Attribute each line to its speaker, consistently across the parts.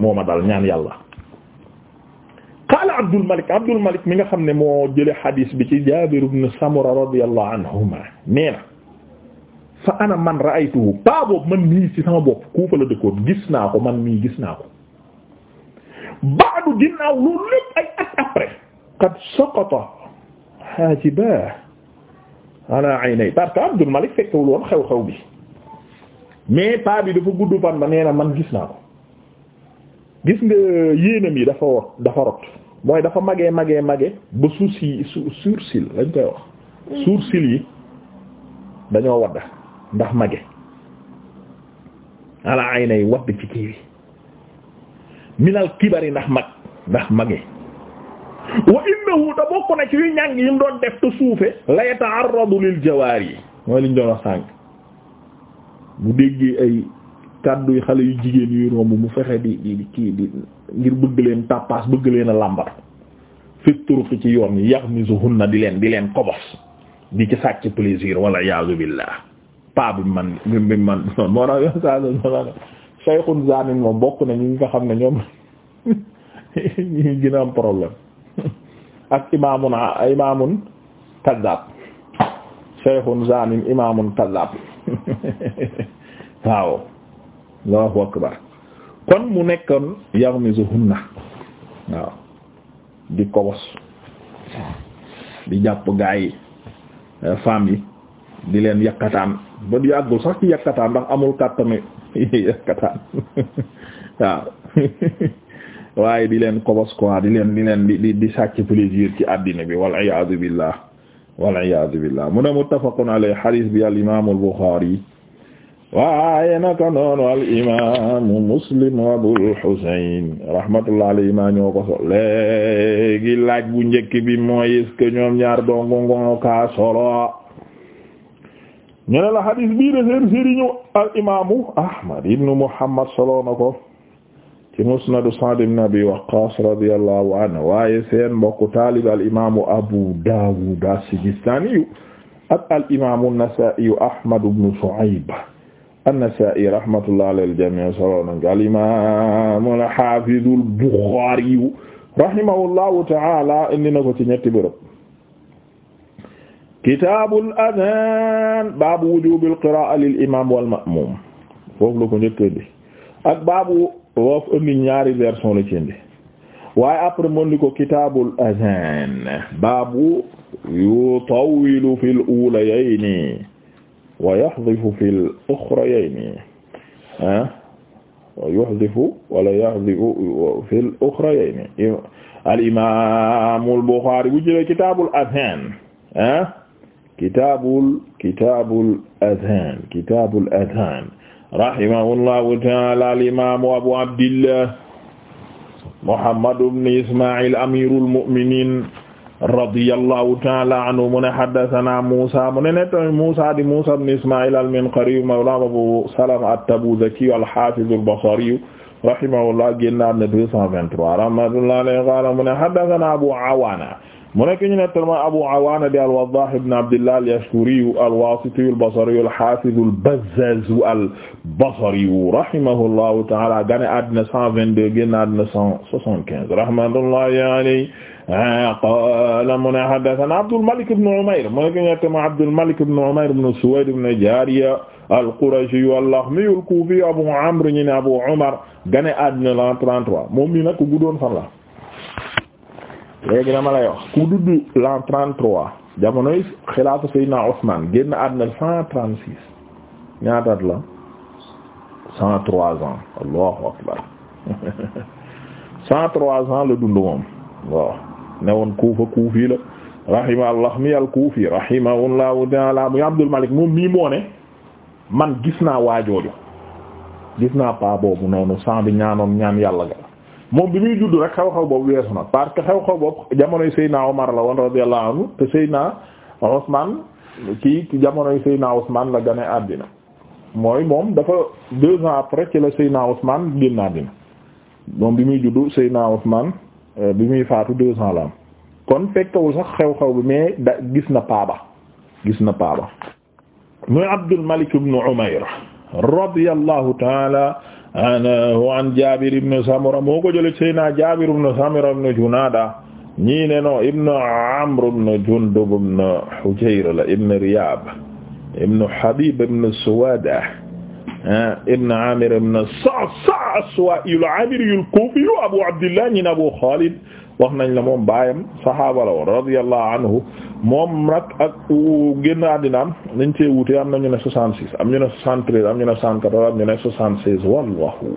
Speaker 1: moo ma dal ñaan yàlla qaala Abdul Malik Abdul Malik mi nga xam ne moo jële xadiis bi ci Jaabir ibn Samura radiyallahu anhuma nee na fa ana man ra'aytuhu paa boobu man mii ci sama bopp Kuufa la dëkkoon gis naa ko man mii gis naa ko baadu ginnaaw loolu lépp ay at après qad saqata haajibaah ala aynay parce que Abdul Malik fekkewul woon xew-xew bi mais paa bi dafa gudd fan ba nee na man gis naa ko gis nga yéenam yi dafa wot dafa rot mooy dafa magee magee magee ba suuf yi sursil lañ koy wax mm. sursil yi dañoo wadda ndax mage ala ay nay wadd ci kii bi minal kibari ndax mag ndax mage wa innahu da bokk na ci yu ñàng yi mu doon def te suufe la yata'arradu lil jawaar yi mooy liñ doon wax sànq bu déggee ay kàddu yi xale yu jigéen yuy romb mu fexe di di kii di ngir bëgg leen tàppaas bëgg leen a làmbar fi turuqi ci yoon yax misuhunna di leen di leen kobos di ci sàcc plaisir wala yaazu billah paa bi man bi man noonu moo tax yoon saa saa sayxun moom bokk na ñi nga xam ne ñoom ñu gën a am problème ak imaamun imaamun kazzab sayxun zanin imaamun kazzab waaw allahu akbar kon mu nekkoon yarmizuhunna waaw di kobos di jàpp gaa yi eh, yi di leen yakkataan ba di àggul sax ci yakkataan ndax amul kàttanu yakkataan waaw waaye di leen kobos quoi di leen di leen di di sàcc plaisir ci àddina bi wal iyaadu billah wal iyaadu billah mu ne muttafaqun alayhi hadith bi al imaam al Bukhari waaye naka noonu al imaamu muslim abul husayn rahmatullah alayhi ma ñoo ko solo léegi laaj bu njëkk bi mooy est-ce que ñoom ñaar dongongono ka solo ñu ne la hadis bii de seen sëriñu al imaamu ahmad ibnu muhammad solo na ko ci musnadu sa'd ibn abi waqqas radiyallahu anhu waaye seen mbokk taalib al imaamu abu daawud as-sijistaani ak al imaamu an-nasaa'i ahmad ibnu shu'ayb an-Nasaa'i rahmatullah alal jamii solo nañ ko al-imaam al-haafiz al-Buxaari rahimahullahu ta'aala indi na ko ci ñetti bérab kitaabul adaan baabu wujuubil qiraa'a lil imaam wal ma'muum foofu la ko njëkk indi ak baabu woofu indi ñaari version la ci indi waaye après mu indi ko kitaabul adaan baabu yutawwilu fil uulayayni wa yaxdifu fil uxrayayni ah wa yaxdifu wala yaxdifu fil uxrayayni al imaamul Buxaari bu jëlee kitaabul azaan ah kitaabul kitaabul azaan kitaabul azaan rahimahullahu ta'aala al imaamu abu abdillah Muhammad ibn Ismaa'iil amiirul mu'miniin radiyallahu ta'ala anhu mu ne haddathana Musa mu ne nettami Musa di Musa ibn Isma'il al-Minqari mawla Abu Salama at-Tabuzaki al-Hafiz al-Basri rahimahullah génnaat na 223 rahmatullahi alayhi qala mu ne haddathana Abu Awana mu nekk ñu nettal ma Abu Awana di al-Waddah ibn Abdillah al-Yashkuri al-Wasiti al-Basri al-Hafiz al-Bazzaz al-Basri rahimahullahu ta'ala gane àddina 122 génnaat na 175 rahmatullahi alayhi Ah, qaala mu ne Abdul Malik ibn Umayr mu ne ko Abdul Malik ibn Umayr ibn Suwayd ibn Jaariya al-Qurashi al Abu Amr ñu Abu Umar gane àddina la 33 moom mii nag ku guddoon fan la léegi dama lay wax ku dudd l'an 33 jamonoy xilaafa Seydina Ousmane génn àddina 136 la ans Allahu akbar 103 ans dund ne woon Kuufa Kuufi la rahimahullah mi al-Kuufi rahimahullahu ta'ala muy Abdul Malik moom mii moo ne man gis naa waajooju gis naa paa boobu noonu sang bi ñaanoon ñaan yàlla ga moom bi muy judd rek xew-xew boobu weesu na parce que xew-xew boobu jamonoy Seydina Omar la woon radiyallahu anhu te Seydina Ousmane kii jamonoy Seydina Ousmane la gane àddina mooy moom dafa deux ans après ci la Seydina Ousmane génn àddina moom bi muy judd Seydina Ousmane Euh, bi muy faatu deux ans la am kon xew-xew bi mais gis na paaba gis na paaba muy Abdul Malik ibn Umayr radiyallahu ta'ala an Jabir ibn Samura moo ko jële Seydina Jabir ibn Samura ibn Junada ñii ne no Amr ibn Jundub ibn Hujayr la ibn Riyab Habib ibn Suwada Eh, ibn Amir ibn Sa'sa'a as-Suwa'i al-Amiri al-Kufi Abu Abdillah ñi ne Abu Khalid wax nañ la moom baayam saxaaba la woon radiyallahu anhu moom nag ak génn àddinaam nañ cee wuute am nañu ne 66 am ñu ne 73 am ñu ne 74 am ñu ne 76 wallahu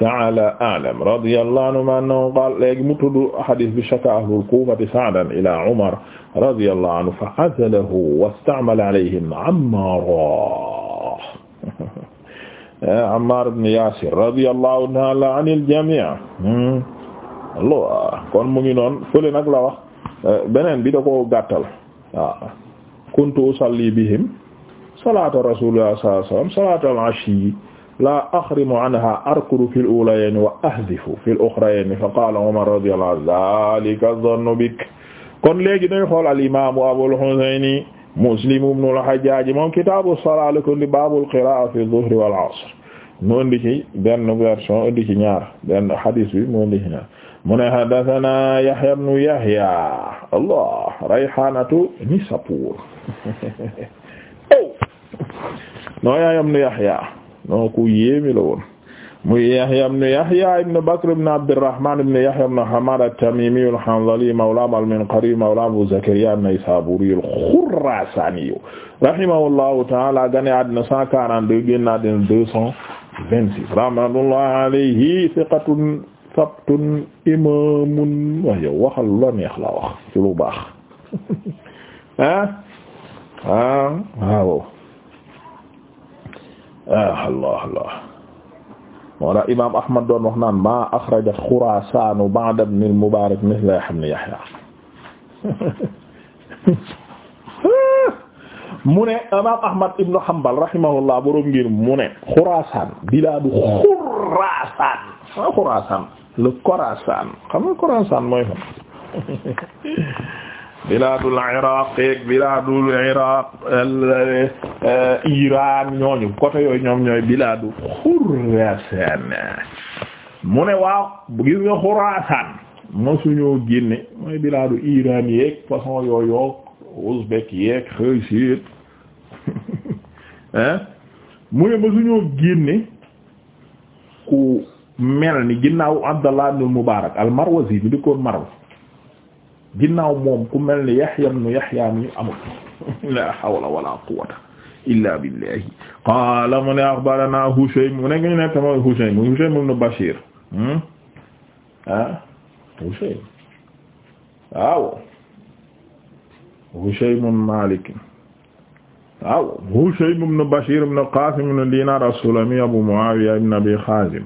Speaker 1: ta'ala a'lam radiyallahu anhu ma annahu qaala léegi mu tudd hadith bi shaka ahlul kufati Sa'dan ila Umar radiyallahu anhu fa azalahu wasta'mala alayhim Ammaara Ammaar ibn Yaasir radiyallahu ta'ala anil jamii' kon mu ngi noon fële nag la wax beneen bi da ko gàttal waaw kuntu usalli bihim salaata rasuulillah sallallahu alayhi wa sallam salaata al-'ashiyyi laa axrimu anhaa arkudu fil ulayayni wa ahdifu fil uxrayayni fa qaala Umar radiyallahu anhu zaalika dhannu bik kon léegi dañu xool al-imaamu Abul Husayni Muslim ibn al-Hajjaj moom kitaabu salaa la ko indi baabul qiraa'a fi zuhri wal asr mu indi ci benn version indi ci ñaar benn hadis Yahya ibn Yahya Allah rayhanatu Nisapur oh noo Yahya ibn Yahya noo ku yéemi muy Yahya ibn Yahya ibn Bakr ibn Abdurrahman ibn Yahya ibn Hamad at-Tamimi al-Hanzali mawla al-Minqari mawla Abu Zakariya an-Naysaburi al-Khurasani rahimahullahu ta'ala gane àddina 142 génn àddina 226 rahmatullahi alayhi thiqatun sabtun imamun wax yow waxal lu la neex la wax ci lu baax ah ah waaw ah Allah Allah moo tax imaam Ahmad doon wax naan maa axrajat Xuraasaanu ba'da ibn al-Mubaarak mithla Yahya ibn Yahya mu ne imaam Ahmad ibn Hanbal rahimahullah boroom ngir mu ne Xuraasaan bilaadu Xuraasaan ah Xuraasaan le Khorasan xam nga Khorasan mooy fan bilaadul iraq yeeg bilaadul iraq e, iran ñooñu côté yooyu ñoom ñooy bilaadu xurasan mu ne waaw gis nga xurasan mosuñoo génne mooy bilaadu iran yeeg façon yooyu yoog ouzbek yeeg xëysiet mu ne mosuñoo génne ku mel ni ginnaaw Abdallah ibn Mubarak al-Marwazi bi dëkkoon Marw ginnaaw moom ku mel ni Yahya ibn Yahya mi amul la hawla wala quwwata illa billahi qaala mu ne akhbarana Hushaym mu ne ngi nekk mooy Hushaym Hushaym ibn Bashir hmm? ah Hushaym waaw Hushaym Malik waaw Hushaym ibn Bashir ibn Qasim ibn Dinar as-Sulami Abu Muawiya ibn Abi Khazim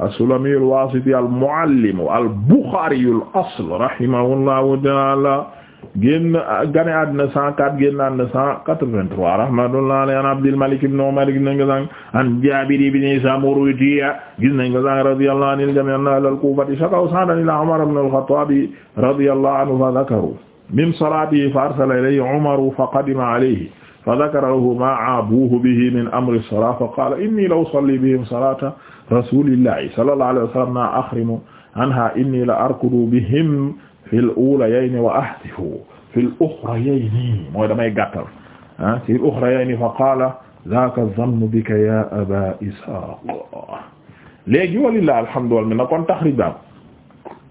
Speaker 1: as-Sulami al-Wasiti al-muallim al-Bukhari al-asl rahimahullahu ta'ala génn gane àddina 104 génn àddina 183 rahmatullahi alayhi an Abdul Malik ibn Umar gis nañ ko sànq an Jaabir ibn Samuritiya gis nañ ko sànq radiyallahu anil jami' anna ahlal Kufati shakaw sa'dan ila Umar ibn al-Khattab radiyallahu anhu fa dhakaru min salatihi fa arsala ilayhi Umar fa qadima alayhi fa dhakara lahu ma aabuhu bihi min amri as-salati fa qala inni la usalli bihim salata rasulillahi sallallahu alayhi wa sallam na ahrimu anha inni la arkudu bihim fil ulayayni wa ahdifu fil mooy damay gàttal ah fil ukhrayayni fa qaala zaaka zannu bika ya aba ishaq léegi walillahi alhamdu minna kon taxrij ba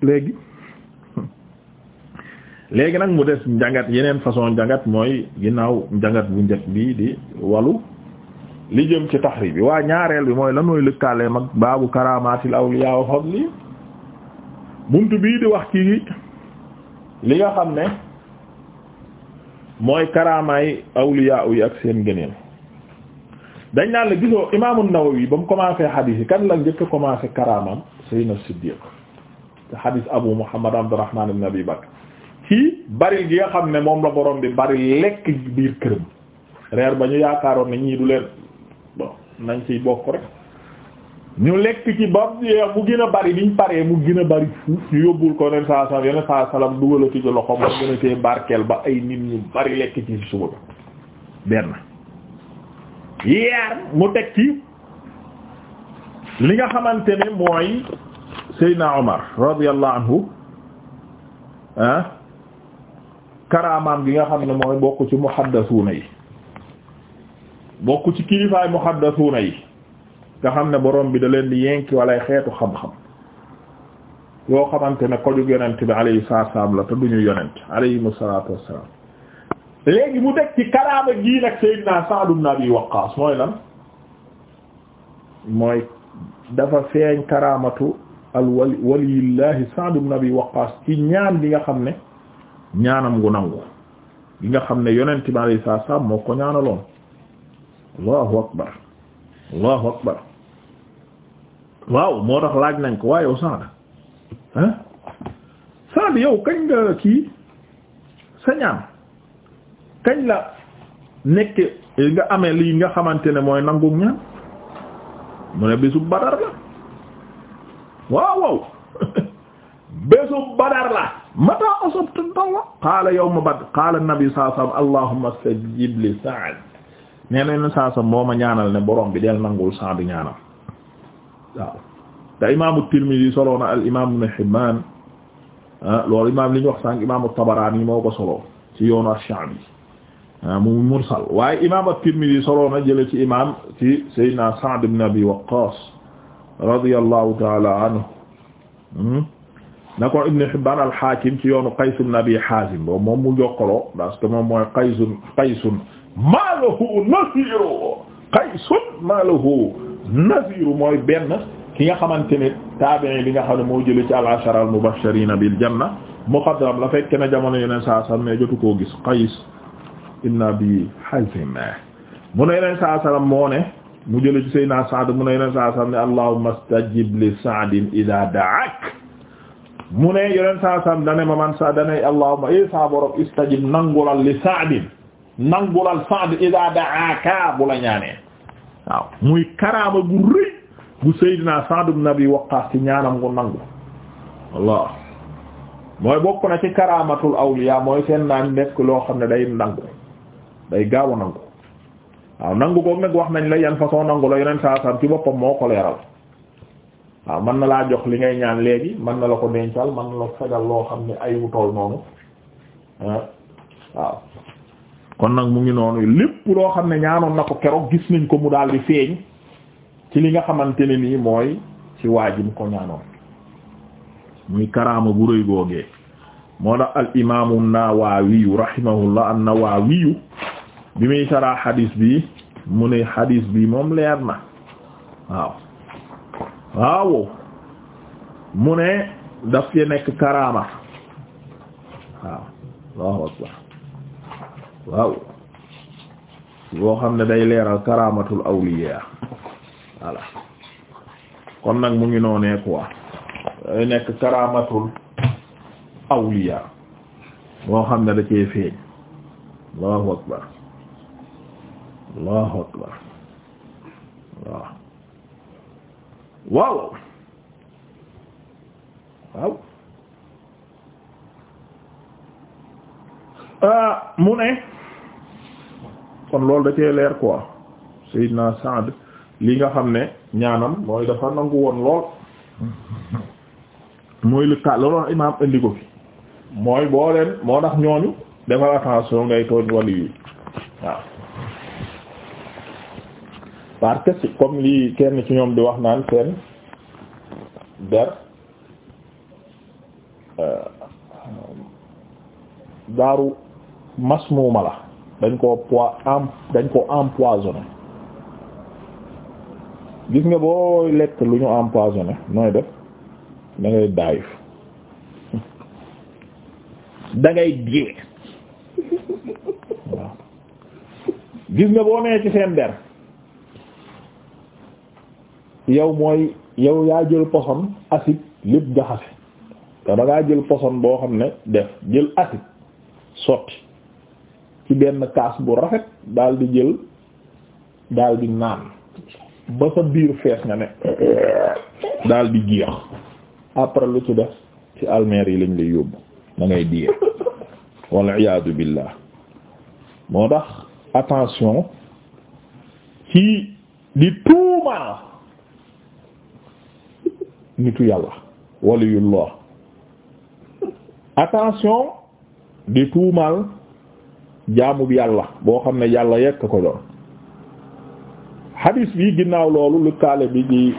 Speaker 1: léegi léegi nag mu des njàngat yeneen façon njàngat mooy ginnaaw njàngat bu bi di wàllu li jëm ci taxriib bi waa ñaareel bi mooy lan mooy lëkkaaleem ak baabu karaamaatil awliyaa wa fadli bunt bii di wax kii li nga xam ne mooy karaamaay awliyaa yi ak seen gëneel dañ naan la gisoo imaamu Nawawi ba mu commencé xadiis yi kan la njëkk a commencé karaamam Seydina Siddiq te xadiis Abu Muhammad Abdurrahman ibn Abi Bakr ci baril gi nga xam ne moom la borom bi baril lekk biir këram reer ba ñu yaakaaroon ne ñii du leen nañ ciy bokk rek ñu lekk ci ba mu gën a bari biñ paree mu gën a bari fuuf ñu yóbbul ko yeneen saa salaam yeneen saa salaam dugal ci loxo moom gën a tee barkeel ba ay nit ñu bari lekk ci suba bi benn yaar mu teg ci li nga xamante ne mooy Seydina Omar radiyallahu anhu ah karaamaam gi nga xam ne mooy bokk ci muhaddasuuna yi bokk ci kilifaay muhaddasuuna yi nga xam ne borom bi da leen di yenki walay xeetu xam-xam yoo xamante ne kojug yonent bi alayhi salaam la te duñu yonent alayhi salaatu wassalaam léegi mu teg ci karaama gii nag Seydina Sa'd ibn Abi Waqqaas mooy lan mooy dafa feeñ karaamatu al wali waliyillahi Sa'd ibn Abi Waqqaas ci ñaan bi nga xam ne ñaanam gu nangu gi nga xam ne yonent bi alayhi salaam moo ko ñaanaloon allahu akbar allahu akbar waaw moo tax laaj nañ ko waaye yow Saad ah Saad yow kañ nga kii sa ñaan kañ la nekk nga amee lii nga xamante ne mooy nangu ñaan mu ne bésu Badar la waaw waaw bésu Badar la mata asabtu dalla qaala yawma Badr qaala an-nabi sallallahu alayhi wa sallam allahumma istajib li Sa'd nee na yeneen saa sa moo ma ne borom bi del nangul saa bi ñaanal waaw te imaamu Tirmidhi soloo na al imaam Ibn Hibbaan ah, loolu imaam li ñu wax sànq imaamu Tabaraani moo ci yoonu ash ah, mu mursal waaye imaam at-Tirmidhi soloo na jële ci imaam ci Seydina Sa'd ibn Abi Waqqaas radiyallahu ta'ala anhu hmm? na Ibn Hibbaan al-Haakim ci yoonu Qays ibn Abi Haazim boobu moom mu jokkaloo parce que moom mooy Qaysun Qaysun maalahu nasiru qaysun maalahu nasiru mooy benn ki nga xamante ne taabi'i bi nga xam ne moo jëlee ci al-ashara al-mubashirina bil janna muqaddam la fekk na jamono yeneen saa sallam mais jotu koo gis qays ibn abi hazim mu ne yeneen saa sallam moo ne mu jëlee ci sayyidina Sa'd mu ne yeneen saa sallam ne allahumma stajib li Sa'din idha da'ak mu ne yeneen saa sallam dane ma man sa dane allahumma e sa borom istajib nangulal li Sa'din nangulal sand ida daaka bu la ñaanee waaw muy karaama gu rëy gu Seydina Sa'd ibn Abi Waqqas ci ñaanam gu nangu Allah mooy bokk na ci karaamatul awliya mooy seen naan nekk loo xam ne day nangu day gaaw a nangu waaw nangu ko nag wax nañ la yan façon nangu la yeneen saa sam ci boppam moo ko leeral waaw mën na laa jox li ngay ñaan léegi mën na la ko dencal mën na la fegal loo xam ne ayu tool noonu ah. waaw kon nag mu ngi noonu lépp loo xam ne ñaanoon na ko keroog gis nañ ko mu daal di feeñ ci li nga xamante ne nii mooy ci waajim ko ñaanoon muy karaama bu rëy googee moo tax al imaamu nawawiyu rahimahullah an nawawiyu bi muy saraa xadiis bi mu ne xadiis bi moom leer na waaw waaw mu ne daf ci nekk karaama waaw waaw boo xam ne day leeral karamatul awliya voilà kon nag mu ngi noonee quoi day nekk karamatul awliya moo xam ne da cee feeñ allahu akbar allahu akbar waaw waaw waaw Ah, mu ne kon loolu da cee leer quoi Seydina Saad li nga xam ne ñaanam mooy dafa nangu woon lool mooy lu ka loolu wax imaam indi ko fi mooy boo leen moo tax ñooñu defal attention ngay tooñ wàllu yi waaw parce comme lii kenn ci ñoom di wax naan seen der euh, daaru masmuuma la dañ koo poi dañ koo empoisonné gis nga boo lekk lu ñu empoisonné nooy def da ngay daayif da waaw gis nga boo nee ci seen der yow mooy yow yaa jël poson acide lépp jaxase te da jël poson boo xam ne def jël acide sotti ci benn kaas bu rafet daal di jël daal di naan ba sa biir fees nga ne daal di jeex après lu ci def ci almeer yi lañ yóbbu da ngay diir wal iyaadu billah moo tax attention ci di tuuma nitu yàlla waliyullah attention di tuumaal jaamub yàlla boo xam ne yàlla yekk ko doon hadis bi ginnaaw loolu lu kaale bi di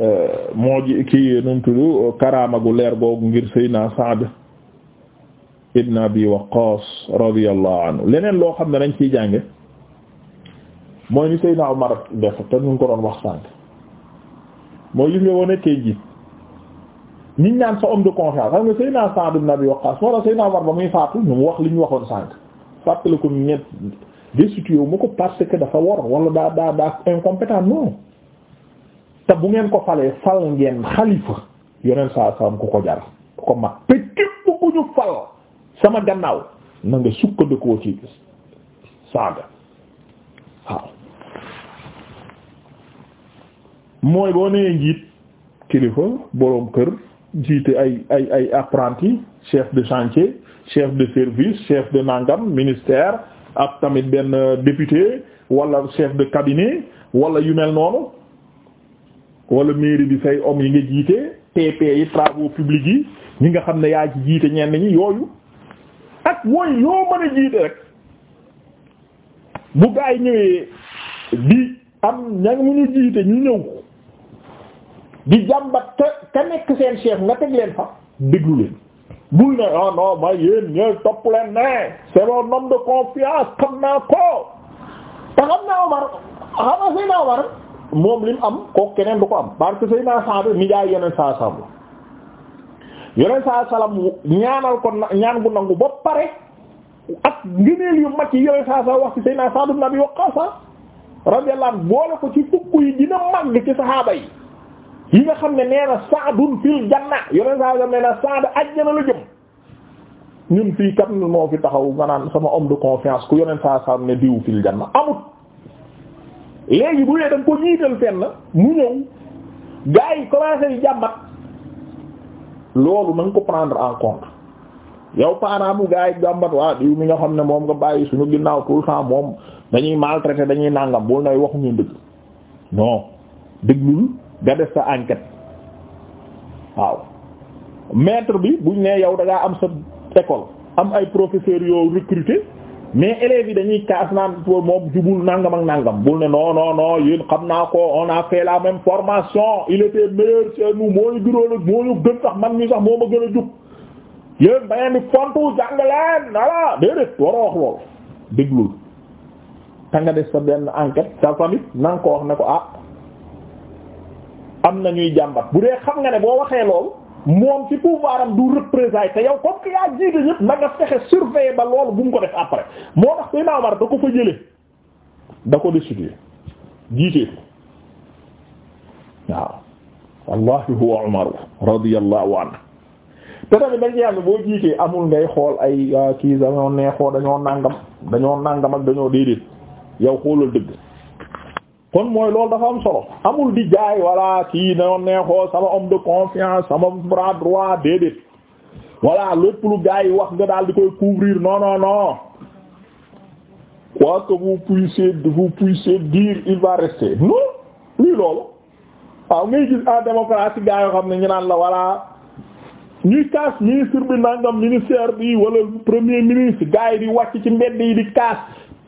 Speaker 1: euh, moo ji ki num tudd karaama gu leer googu ngir Seydina Saad ibn Abi Waqqas radiyallahu anhu leneen loo xam ne dañ ciy jànge mooy ni Seydina Umar def te ñu ko doon wax sànq mooy li nga woon nekkee niñ naan sa homme de confiance xam nga Seydina Sa'd ibn Abi Waqqas moo tax Seydina Umar ba muy faatu ñu wax li ñu waxoon sànq fàttali ko ñett destitué wu ma ko parce que dafa war wala daa daa daa incompétent non te bu ngeen ko falee fal ngeen xalifa yoneen saa saam ku ko jar ku ko mag te képp fal sama gannaaw na nga sukkandikoo ci Sa'd waaw mooy boo nee njiit kilifa boroom kër jiite ay ay ay apprenti chef de chantier chef de service chef de nangam ministère ak tamit benn député walla chef de cabinet wala yu mel noonu wala mairie bi say homme yi nga jiite TP yi travaux publics yi ñi nga xam ne yaa ci jiite ñenn ñi yooyu ak mooy yoo mën a jiite rek bu gaa yi ñëwee di am ña mu ñu jiite ñu ñëw di jàmbat ka ka nekk seen chef nga teg leen fa déglu leen bul ne ah non ma yéen ñooy topp leen ne c'est mon de confiance xam naa ko te xam naa Omar xam nga Seydina Omar moom li mu am kooku keneen du ko am parce que Seydina Sa'd mi jaay yeneen saa sàmm yeneen saa salaam ñaanal ko ñaan gu nangu ba pare ak ngëneel yu mag yi yeneen saa salaam wax ci Seydina Sa'd ibn Abi Waqqas radiyallahu anhu boole ko ci fukk yi dina mag ci saxaaba yi. yi nga xam ne nee na saadun fil janna yoneen saa sam nee na saad ajjana la jëm ñun fii kat moo fi taxaw nga naan sama homme de confiance ku yoneen saa sam ne diw fil janna amut léegi bu dee da nga ko ñiital fenn mu ñëw gars yi commencé di jàmbat loolu na ko prendre en compte yow parent bu gars yi jàmbat waa diw mi nga xam ne moom nga bàyyi suñu ginnaaw tout le temps moom dañuy maltraité dañuy nàngam bul nay waxu ñu dëgg non nga sa enquête waaw maître bi buñ ne yow dagaa am sa école am ay professeurs yoo recruter mais élèves yi dañuy kaas naan moom jubul nangam ak nangam bul ne non non xam naa ko on a la même formation il était meilleur chez nous moo ñu a moo gën sax man mi sax moo ma gën a jub yéen da ngeen di fontu jàng leen voilà déedéet waroo wax lool déglul. ta nga def sa benn enquête sa famille na ko wax ne ko ah. am na ñuy jàmbat bu dee xam nga ne boo waxee lool moom ci pouvoiram du représailles te yow comme que yaa jiite ñëpp na fexe surveiller ba loolu bu mu ko def après moo tax Seydina Omar da ko fa jële da ko destitué jiiteetu waaw wallahi huwa Umar radiyallahu anhu te tamit dañ yàlla boo jiitee amul ngay xool ay ah, kii dañoo neexoo dañoo nàngam dañoo nàngam ak dañoo déedéet yow xoolal dëgg kon mooy loolu dafa am solo amul di jaay walla kii na neexoo sama homme de confiance sama bras droit déedéet walla lépp lu gars yi wax nga daal di koy couvrir non non non quoi que vous puissiez vous dire il va rester non lii loolu waaw ngay gis en démocratie gars yoo xam ne ñu naan la walla ñuy kaas ministre bi nangam ministère bi wala premier ministre gars di wàcc ci mbedd yi di kaas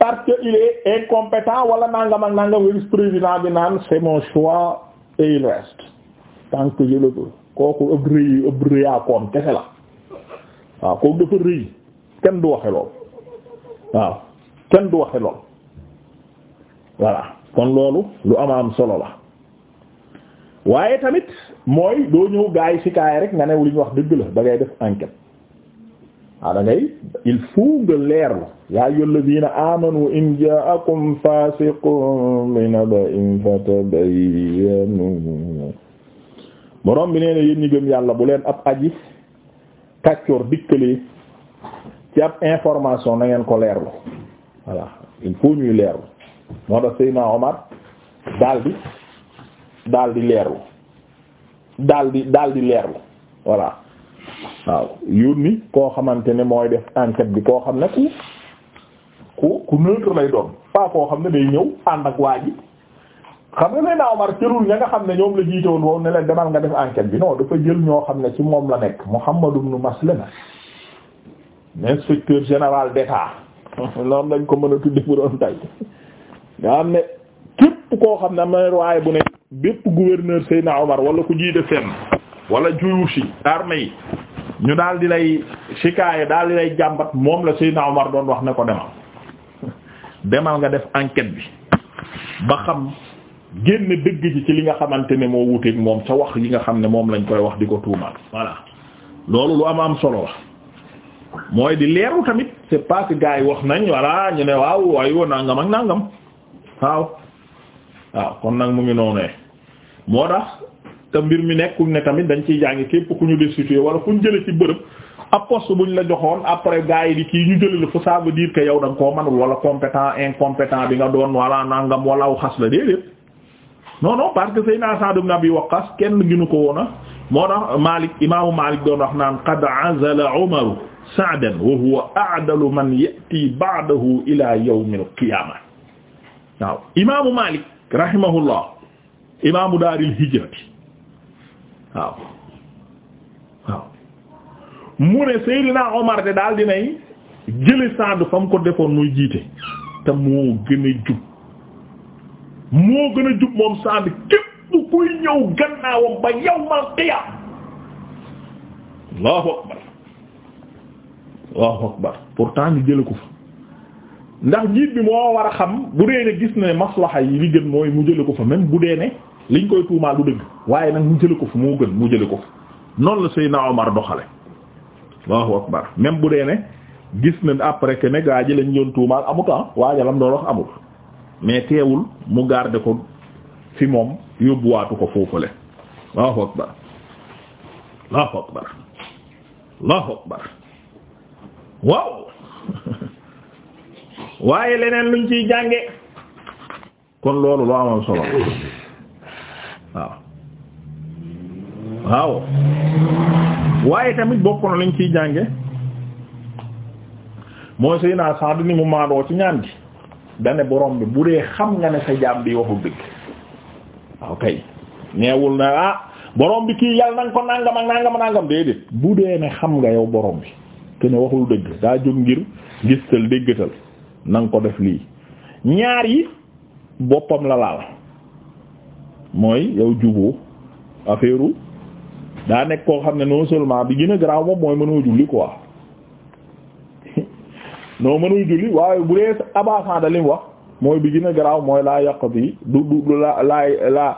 Speaker 1: parce que il est incompétent wala nangam ak nangam vice président bi naan c'est mon choix et il reste tant que je le peux kooku ëpp rëy ëpp rëyaakoon kese la waaw kooku dafa rëy kenn du waxe lool waaw kenn du waxe lool kon loolu lu ama solo la waaye tamit mooy doo ñëw gaay si kaay rek nga new li ñu wax dëgg la da ngay def enquête waaw ah, da ngay il faut nga leerlu yaa ayyuhal ladina amanu in ja'akum fasiqun bi naba'in borom bi nee na yéen gëm yàlla bu leen ab aji kàccoor dikkalee ci ab information na ngeen ko leerlu voilà il faut ñuy leerlu moo tax Seydina Omar daldi daldi leerlu daldi daldi leerlu voilà waaw yónni koo xamante ne mooy def enquête bi koo xam ne ku ku ku neutre lay doon pas koo xam ne day ñëw ànd ak waa ji xam nga say naa Omar cërul ña nga xam ne ñoom la jiite woon demal nga def enquête bi non dafa jël ñoo xam ne ci moom la nekk Muhammad na Maslama inspecteur général d'État noonu lañ ko mën a tudde bu doon tay nga xam ne képp koo xam ne am waaye bu nekk bépp gouverneur Seydina Omar wala ku jiite seen wala juyuusi armée yi ñu daal di lay shikaaya daal di lay jàmbat moom la Seydina Omar doon wax ne ko demal demal nga def enquête bi ba xam génn dëgg ji ci li nga xamante ne moo wuteeg moom sa wax yi nga xam ne moom lañ koy wax di ko tuumaal voilà loolu lu am am solo la mooy di leeru tamit c'est pas que yi wax nañ voilà ñu ne waaw waaye woo nangam ak nangam waaw waaw kon nag mu ngi noonee moo tax te mbir mi nekkul ne tamit dañ ciy jàngi képp ku ñu destitué wala ku ñu jële ci bërëb ab poste buñ la joxoon après gars yi di kii ñu jëlal fa ça veut dire que yow da nga koo manul wala compétent incompétent bi nga doon wala nangam wala aw xas la déedéet non non parce que Seydina Sa'd ibn Abi Waqqas kenn ginu ko woona moo tax Malik imaamu Malik doon wax naan qad azala Umaru Sa'dan wa huwa a'dalu man ya'ti ba'dahu ila yawm al-qiyamah waaw imaamu Malik imaamu daaril hijrati waaw waaw mu ne Seydina Omar de daal dinay jële Saad fa mu ko defoon muy jiite te moo gën a jub moo gën a jub moom Saad képp kuy ñëw gannaawam ba yawmal qiyaam Allahu akbar Allahu akbar pourtant ñu jële ko fa ndax jiit bi moo war a xam bu dee ne gis na ne maslaha yi li gën mooy mu jële ko fa même bu dee ne liñ koy tuumaal lu dëgg waaye nag mu jële ko fu mu gën mu jële ko fu noonu la Seydina Omar doxale Allahu akbar même bu dee ne gis nañ après que ne gaa ji lañ doon tuumaal amut ah waajalam doon wax amul mais teewul mu garder ko fi moom yóbbuwaatu ko foofale Allahu akbar Allahu akbar Allahu akbar waaw waaye leneen luñ ciy jànge kon loolu loo amal solo waaw waaye tamit bokk na lañ kiy jànge mooy sëy naa sax ni mu maadoo ci ñaan gi dane borom bi bu dee xam nga ne sa jaam bi waxul dëgg waaw neewul na ah borom bi kii yàlla na ko nangam ak nangam nangam déedéet bu dee ne xam nga yow borom bi te ne waxul dëgg daa jóg ngir gistal déggatal na ko def lii ñaar yi boppam la laal mooy yow juboo affaire daa nekk koo xam ne non seulement bi gën garaaw moom mooy mënoo julli quoi non mënoo julli waaye bu dee abasan da lim wax mooy bi gën garaaw mooy laa yàq bi du du la laa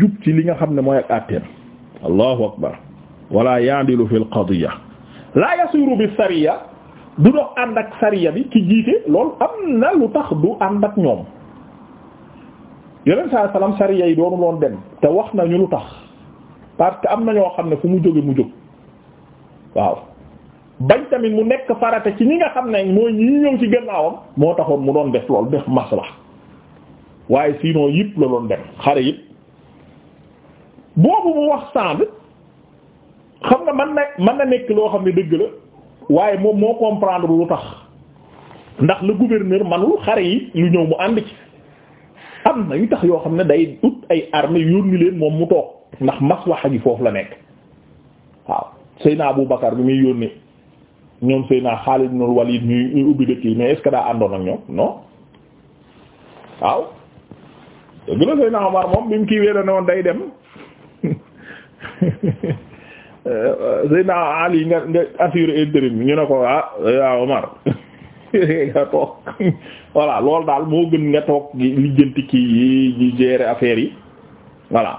Speaker 1: jub ci li nga xam ne mooy ak àtteem allahu akbar wala yandilu fil qadiya laa yasiru bi sariya du dox ànd ak sariya bi ki jiite lool am na lu tax du ànd ak ñoom yeneen saa salaam sariya yi doonu loon dem te wax nañu lu tax parce que am na ñoo xam ne fu mu jóge mu jóg waaw bañ tamit mu nekk farata ci ñi nga xam ne mooy ñi ñëw ci gannaawam moo taxoon mu doon def loolu def masla waaye sinon yëpp la doon dem xare yëpp boobu mu wax sand xam nga man na mën na nekk loo xam ne dëgg la waaye moom moo comprendre lu tax ndax le gouverneur manul xare yi lu ñëw mu ànd ci am na yu tax yoo xam ne day ut ay armée yónni leen moom mu toog ndax maslaxa gi foofu la nekk waaw naa Abu Bakar bi muy yónni ñoom Seyna Xaalid ibn Walid ñuy ubbi dëkk yi mais est-ce que daa àndoon ak ñoom non waaw dëgg la Seyna Omar moom day dem euh, Seyna Ali nga nga assuré intérim ñu ne ko ah Omar nga toog loolu daal moo gën nga toog lijjanti kii yi ñu gérer affaire yi voilà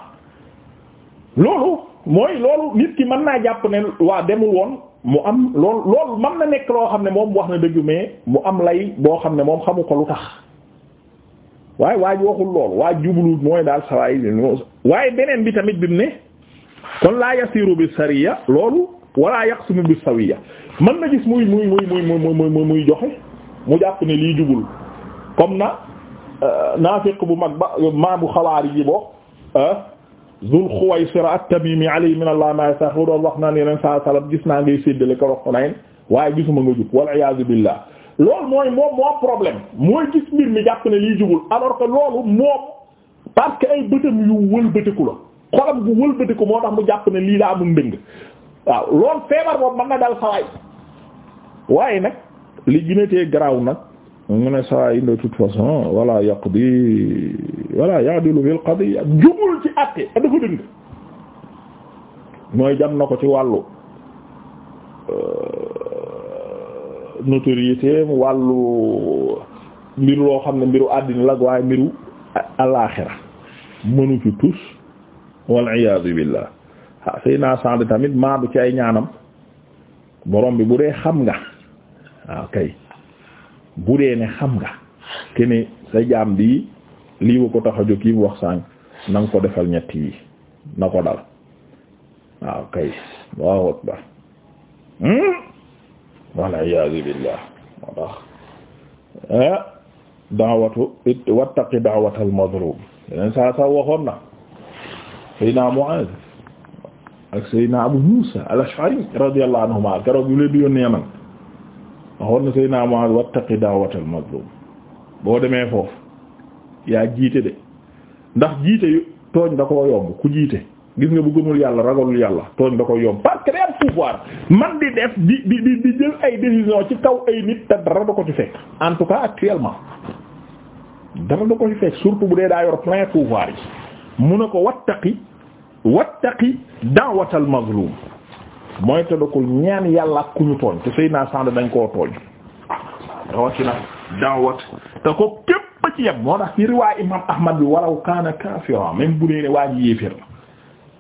Speaker 1: loolu mooy loolu nit ki mën naa jàpp ne waa demul woon mu am loolu loolu mën na nekk loo xam ne moom wax na dëgg mais mu am lay boo xam ne moom xamu ko lu tax waaye waa ji waxul loolu waa jublu mooy daal sawaay waaye beneen bi tamit bi mu ne kon laa yasiru bi sariya loolu wala yaqsimu bi sawiya mën na gis muy muy muy muy muy muy muy joxe mu jàpp ne lii jubul comme na euh, naafiq bu mag ba maamu xawaari yi boo euh, Zul Xuwaysira at-Tamimi alayhi min Allah ma yastaxiru doon wax naan yeneen saa salaam gis naa ngay séddale ko wax nañ waaye gisuma nga jub wal iyaazu billah loolu mooy moom moo problème mooy gis mbir mi jàpp ne lii jubul alors que loolu moom parce que ay bëtam yu wëlbatiku la xolam bu wëlbatiku moo tax mu jàpp ne lii daa amul ndëng waaw loolu feebar boobu mën na dal sawaay waaye nag li ginatee garaaw nag mu ne sawaay de toute façon wala yaqdi wala ya'dilu bil qadiya jugul ci àtte a dafa dëng mooy jam na ko ci wàllu euh, notoriété wàllu mbir loo xam ne mbiru àddina la waaye mbiru alaaxira mënu ci tus wal iyaadu billah ah Seydina Sa'd tamit maadu ci ay ñaanam borom bi bu dee xam nga waaw ah, kay bu dee ne xam nga ke ne sa jaam bi lii ko tax a jóg yi mu wax sànq na nga ko defal ñett yi na ko dal waaw ah, kay waaw akbar hmm? walla iyaazu billaah moo tax eh? daawatu it wattaqi daawatal mazlum yeneen saa saa waxoon na Seydina Mu'aaz ak Seydina Abu Muusa al-Ash'ari radiyallahu anhuma keroog yu leen di yónnee Yaman waxoon na Seydina Mu'aaz wattaqi da'watal mazlum boo demee foofu yaa jiite de ndax jiite yu tooñ da ko yomb ku jiite gis nga bu gëmul yàlla ragalul yàlla tooñ da ko yomb parce que day am pouvoir man di def di di di jël ay décision ci kaw ay nit te dara da ko ci fekk en tout cas actuellement dara da ko ci fekk surtout bu dee daa yor plein pouvoir yi mun na ko wattaqi wattaqi da'watal mazlum mooy te dokul ñaan yàlla ak ku ñu tooñ te sëy naa dañ koo tooñ rawatina da'wat te ko képp ci yem moo tax ci riwaay imam ahmad bi walaw kaana kaafira même bu nee ne waa la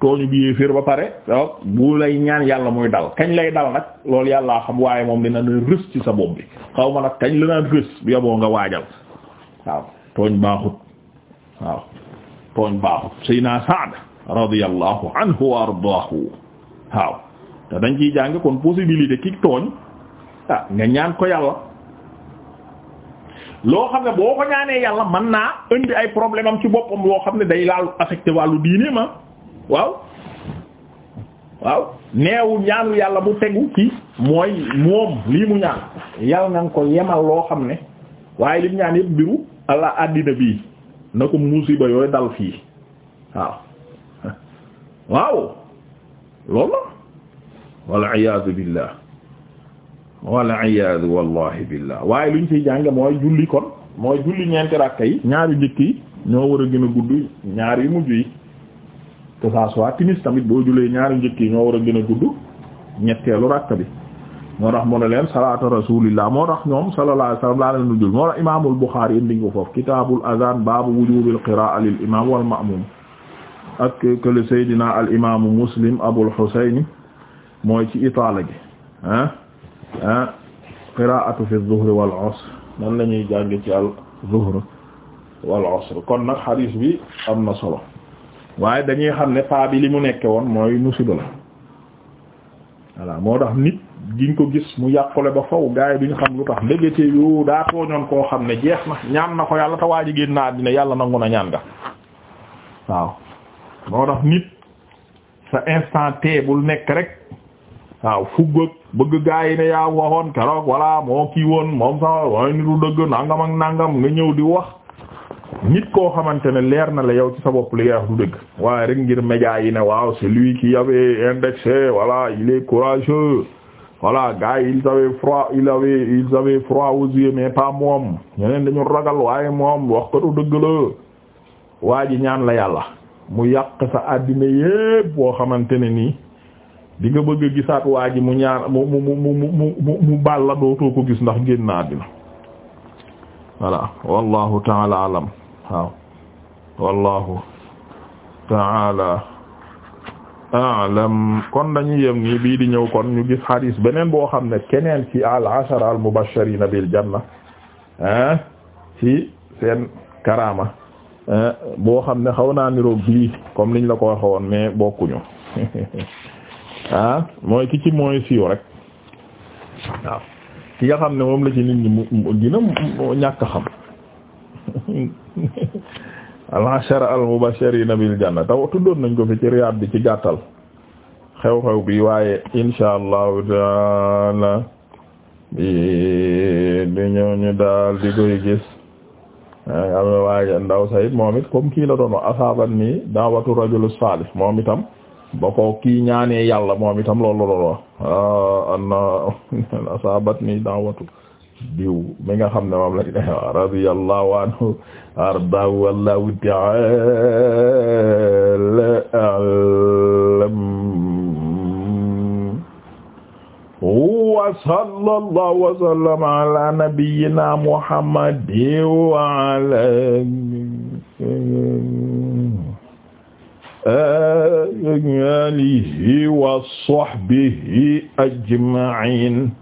Speaker 1: tooñu bi yéefér ba pare donc bu lay ñaan yàlla muy dal kañ lay dal nag loolu yàllaa xam waaye moom dina ne rës ci sa bopp bi xaw ma nag kañ la naan rës bi yoboo nga waajal waaw tooñ baaxut waaw tooñ baaxut sëy naa radiyallahu anhu wa ardaahu waaw te dañ ciy jàng kon possibilité ki tooñ ah, nga ñaan ko yàlla loo xam ne boo ko ñaanee yàlla man naa indi ay problème ci boppam loo xam ne day laal affecté wàllu diine ma waaw waaw neewu ñaanu yàlla mu tegu ci mooy moom lii mu ñaan yàlla nga ko yemal loo xam ne waaye lim ñaan yëpp biru allah àddina bii na ko musiba yooyu dal fii waaw waaw loolu la wal iyaadu billah wal iyaadu wallahi waaye luñ ciy jànge mooy julli kon mooy julli ñeenti rakka yi ñaari njëkk yi ñoo war a gën a gudd ñaari yu mujj yi que ça soit timis tamit boo jullee ñaari njëkk yi ñoo war a gën a gudd ñetteelu rakka bi moo tax mu ne leen salaatu rasulillah moo tax ñoom sallallahu alayhi wasallam laa leen nu jul moo tax imaamul Buxaari indi ko foofu kitaabul azaan baabu wujubil qiraa lil imaam wal ma'muum ak kële Seydina al imaamu Muslim Abul Husayn mooy ci itaala gi ah ah qiraatu fi zuhri wal asr nan la ñuy jàng ci al zuhr wal asr kon nag xadiis bi am na solo waaye dañuy xam ne paa bi li mu nekke woon mooy musiba la voilà moo tax nit diñ ko gis mu yàqule ba faw gaay duñ xam lu tax ndegete yoo daa tooñoon koo xam ne jeex na ñaan na ko yàlla te waa ji génn na àddina yàlla nangu na ñaan nga waaw moo tax nit sa instant bul nekk rek waaw fugg bëgg gaa yi ne yaa waxoon keroog voilà moo kii moom sax waaye nitu dëgg nangam ak nangam nga ñëw di wax nit koo xamante ne leer na la yow ci sa bopp li ngay wax du dëgg waaye rek ngir média yi ne waaw c'est lui qui avait indexé voilà il courageux voilà gars yi ils avaient froid il avait ils avaient froid aux mais pas moom ñeneen dañu ragal waaye moom wax ko du dëgg la waa ji ñaan la yàlla mu yàq sa àddina yépp boo xamante ne nii dinga bëgg a gisaat waa ji mu ñaar mu mu mu mu mu mu baal la dootoo ko gis ndax génn na àddina voilà wallahu taala alam waaw wallahu taala alam kon dañu yem nii bii di ñëw kon ñu gis hadis beneen boo xam ne keneen ci al ashara al mubashirina bil janna ah ci seen karaama Eh, boo xam ne xaw naa niroog bii comme liñ la ko waxee woon mais bokkuñu ah mooy ki ci mooy siiw rek waaw ki nga xam ne moom la ci nit ñi mu dina ñàkk xam al-ashara al-mubashirina bil janna taw tuddoon nañ ko fi ci riyaad bi ci gàttal xew-xew bi waaye insha allahu taala bi du ñëw daal di koy gis am waaye ndaw sa it moom it comme kii la doon wax asaaban ni daawatu rajul salih moom itam ba kii ñaanee yàlla moom itam loolu la doon wax ah, anna ni daawatu diw mi nga xam ne moom la ne radiyallahu anhu arda wallahu ta'ala a'lam wa sallallahu wa sallam ala nabiyyina muhammadin wa ala alihi wa sahbihi ajma'in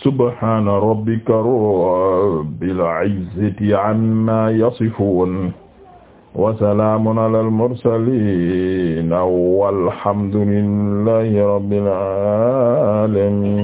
Speaker 1: subhana rabbika rabbil izzati amma yasifun wa salaamun alal mursaliin walhamdu lillaahi rabbil aalamiin